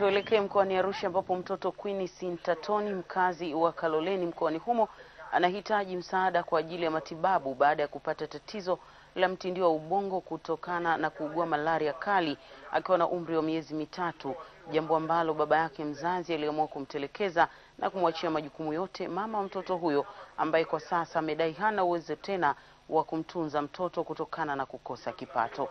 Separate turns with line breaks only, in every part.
Tuelekee mkoani Arusha ambapo mtoto Queen Sintatoni mkazi wa Kaloleni mkoani humo anahitaji msaada kwa ajili ya matibabu baada ya kupata tatizo la mtindio wa ubongo kutokana na kuugua malaria kali akiwa na umri wa miezi mitatu, jambo ambalo baba yake mzazi aliamua kumtelekeza na kumwachia majukumu yote mama wa mtoto huyo ambaye kwa sasa amedai hana uwezo tena wa kumtunza mtoto kutokana na kukosa kipato.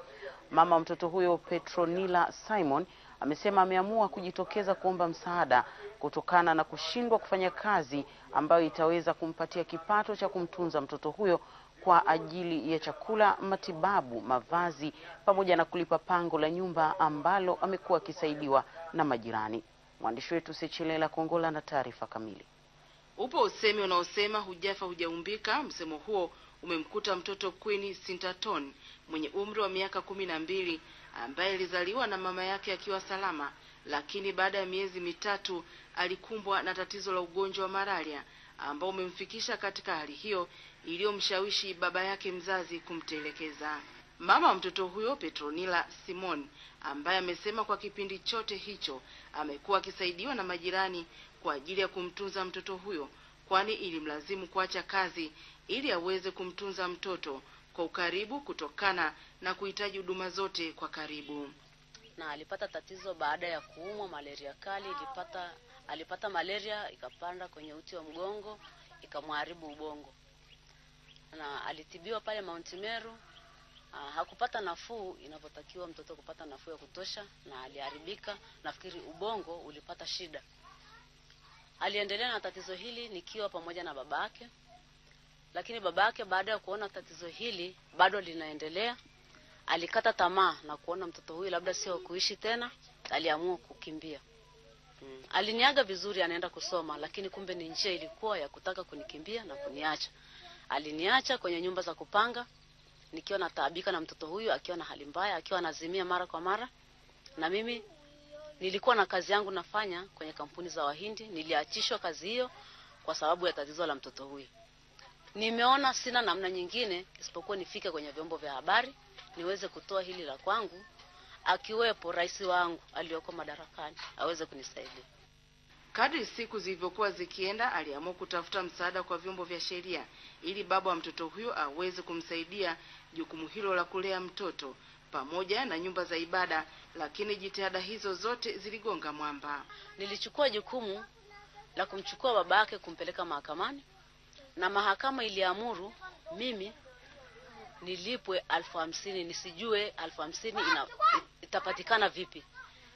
Mama wa mtoto huyo Petronila Simon amesema ameamua kujitokeza kuomba msaada kutokana na kushindwa kufanya kazi ambayo itaweza kumpatia kipato cha kumtunza mtoto huyo kwa ajili ya chakula, matibabu, mavazi pamoja na kulipa pango la nyumba ambalo amekuwa akisaidiwa na majirani. Mwandishi wetu Sechelela Kongola na taarifa kamili.
Upo usemi unaosema hujafa hujaumbika. Msemo huo umemkuta mtoto Queen Sintaton mwenye umri wa miaka kumi na mbili ambaye alizaliwa na mama yake akiwa salama, lakini baada ya miezi mitatu alikumbwa na tatizo la ugonjwa wa malaria ambao umemfikisha katika hali hiyo iliyomshawishi baba yake mzazi kumtelekeza. Mama wa mtoto huyo Petronila Simon, ambaye amesema kwa kipindi chote hicho amekuwa akisaidiwa na majirani kwa ajili ya kumtunza mtoto huyo, kwani ilimlazimu kuacha kazi ili aweze kumtunza mtoto kwa ukaribu kutokana na kuhitaji huduma zote kwa karibu.
Na alipata tatizo baada ya kuumwa malaria kali, ilipata alipata malaria ikapanda kwenye uti wa mgongo ikamharibu ubongo, na alitibiwa pale Mount Meru. Ah, hakupata nafuu inavyotakiwa mtoto kupata nafuu ya kutosha, na aliharibika, nafikiri ubongo ulipata shida. Aliendelea na tatizo hili nikiwa pamoja na babake lakini baba yake baada ya kuona tatizo hili bado linaendelea, alikata tamaa na kuona mtoto huyu labda sio kuishi tena, aliamua kukimbia. Hmm. Aliniaga vizuri anaenda kusoma, lakini kumbe ni njia ilikuwa ya kutaka kunikimbia na kuniacha. Aliniacha kwenye nyumba za kupanga nikiwa nataabika na mtoto huyu akiwa na hali mbaya, akiwa anazimia mara kwa mara, na mimi nilikuwa na kazi yangu nafanya kwenye kampuni za Wahindi. Niliachishwa kazi hiyo kwa sababu ya tatizo la mtoto huyu nimeona sina namna nyingine isipokuwa nifike kwenye vyombo vya habari niweze kutoa hili la kwangu, akiwepo rais wangu aliyoko madarakani aweze kunisaidia.
Kadri siku zilivyokuwa zikienda, aliamua kutafuta msaada kwa vyombo vya sheria ili baba wa mtoto huyo aweze kumsaidia jukumu hilo la kulea mtoto pamoja na nyumba za ibada, lakini jitihada hizo zote ziligonga mwamba.
Nilichukua jukumu la kumchukua baba yake kumpeleka mahakamani na mahakama iliamuru mimi nilipwe alfu hamsini nisijue alfu hamsini ina, itapatikana vipi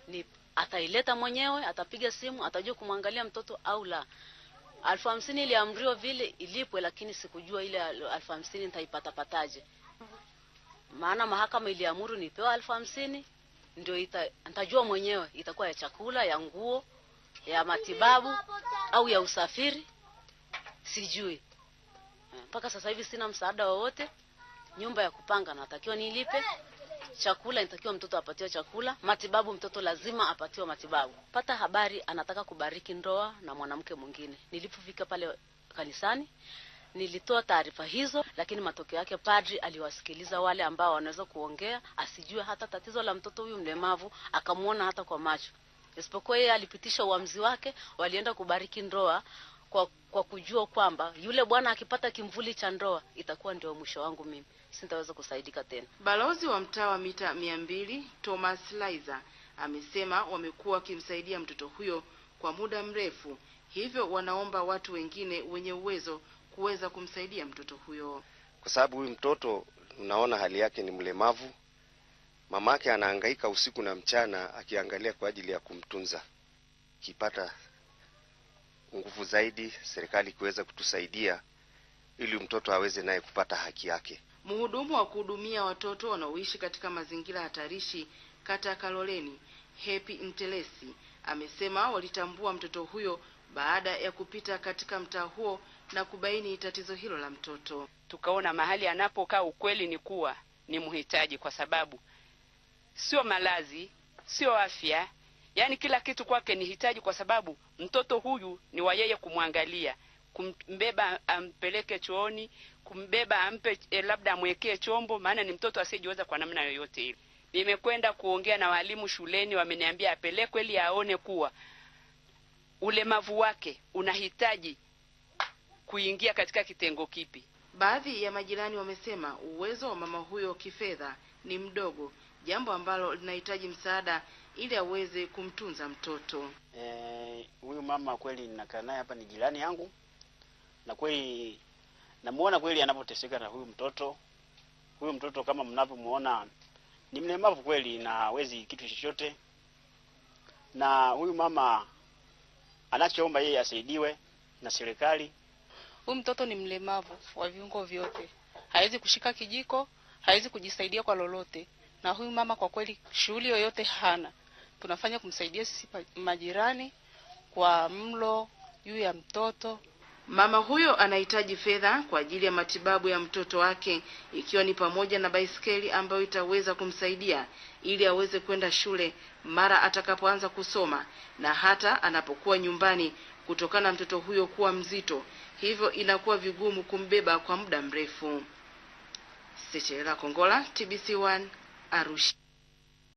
ni ataileta mwenyewe atapiga simu atajua kumwangalia mtoto au la alfu hamsini iliamriwa vile ilipwe lakini sikujua ile alfu hamsini nitaipatapataje maana mahakama iliamuru nipewa alfu hamsini ndio ita, nitajua mwenyewe itakuwa ya chakula ya nguo ya matibabu au ya usafiri sijui mpaka sasa hivi sina msaada wowote. Nyumba ya kupanga natakiwa nilipe, chakula inatakiwa mtoto apatiwe chakula, matibabu mtoto lazima apatiwe matibabu. Pata habari anataka kubariki ndoa na mwanamke mwingine. Nilipofika pale kanisani nilitoa taarifa hizo, lakini matokeo yake padri aliwasikiliza wale ambao wanaweza kuongea, asijue hata tatizo la mtoto huyu mlemavu, akamwona hata kwa macho, isipokuwa yeye alipitisha uamuzi wake. Walienda kubariki ndoa kwa, kwa kujua kwamba yule bwana akipata kimvuli cha ndoa itakuwa ndio mwisho wangu, mimi sitaweza kusaidika tena.
Balozi wa mtaa wa mita mia mbili Thomas Laiza amesema wamekuwa wakimsaidia mtoto huyo kwa muda mrefu, hivyo wanaomba watu wengine wenye uwezo kuweza kumsaidia mtoto huyo,
kwa sababu huyu mtoto unaona hali yake ni mlemavu. Mamake anahangaika usiku na mchana akiangalia kwa ajili ya kumtunza kipata nguvu zaidi serikali kuweza kutusaidia ili mtoto aweze naye kupata haki yake.
Mhudumu wa kuhudumia watoto wanaoishi katika mazingira hatarishi kata ya Kaloleni, Happy Mtelesi, amesema walitambua mtoto huyo baada ya kupita katika mtaa huo na kubaini tatizo hilo la mtoto.
Tukaona mahali anapokaa, ukweli ni kuwa ni mhitaji, kwa sababu sio malazi, sio afya Yaani kila kitu kwake ni hitaji, kwa sababu mtoto huyu ni wa yeye kumwangalia, kumbeba, ampeleke chooni, kumbeba, ampe eh, labda amwekee chombo, maana ni mtoto asiyejiweza kwa namna yoyote ile. Nimekwenda kuongea na walimu shuleni, wameniambia apelekwe ili aone kuwa ulemavu wake unahitaji kuingia katika kitengo kipi.
Baadhi ya majirani wamesema uwezo wa mama huyo kifedha ni mdogo, jambo ambalo linahitaji msaada ili aweze kumtunza mtoto.
Eh, huyu e, mama kweli ninakaa naye hapa, ni jirani yangu, na kweli namuona kweli anapoteseka na huyu mtoto. Huyu mtoto kama mnavyomuona ni mlemavu kweli na hawezi kitu chochote, na huyu mama anachoomba yeye asaidiwe na serikali.
Huyu mtoto ni mlemavu wa viungo vyote, hawezi kushika kijiko, hawezi kujisaidia kwa lolote, na huyu mama kwa kweli shughuli yoyote hana tunafanya kumsaidia sisi majirani kwa mlo juu ya mtoto.
Mama huyo anahitaji fedha kwa ajili ya matibabu ya mtoto wake ikiwa ni pamoja na baiskeli ambayo itaweza kumsaidia ili aweze kwenda shule mara atakapoanza kusoma na hata anapokuwa nyumbani kutokana na mtoto huyo kuwa mzito, hivyo inakuwa vigumu kumbeba kwa muda mrefu. Sichela Kongola, TBC1, Arusha.